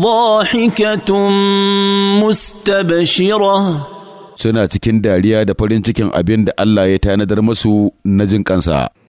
ضاحكة مستبشرة suna cikin dariya da farin cikin abin da Allah ya tanadar masu na jin kansa.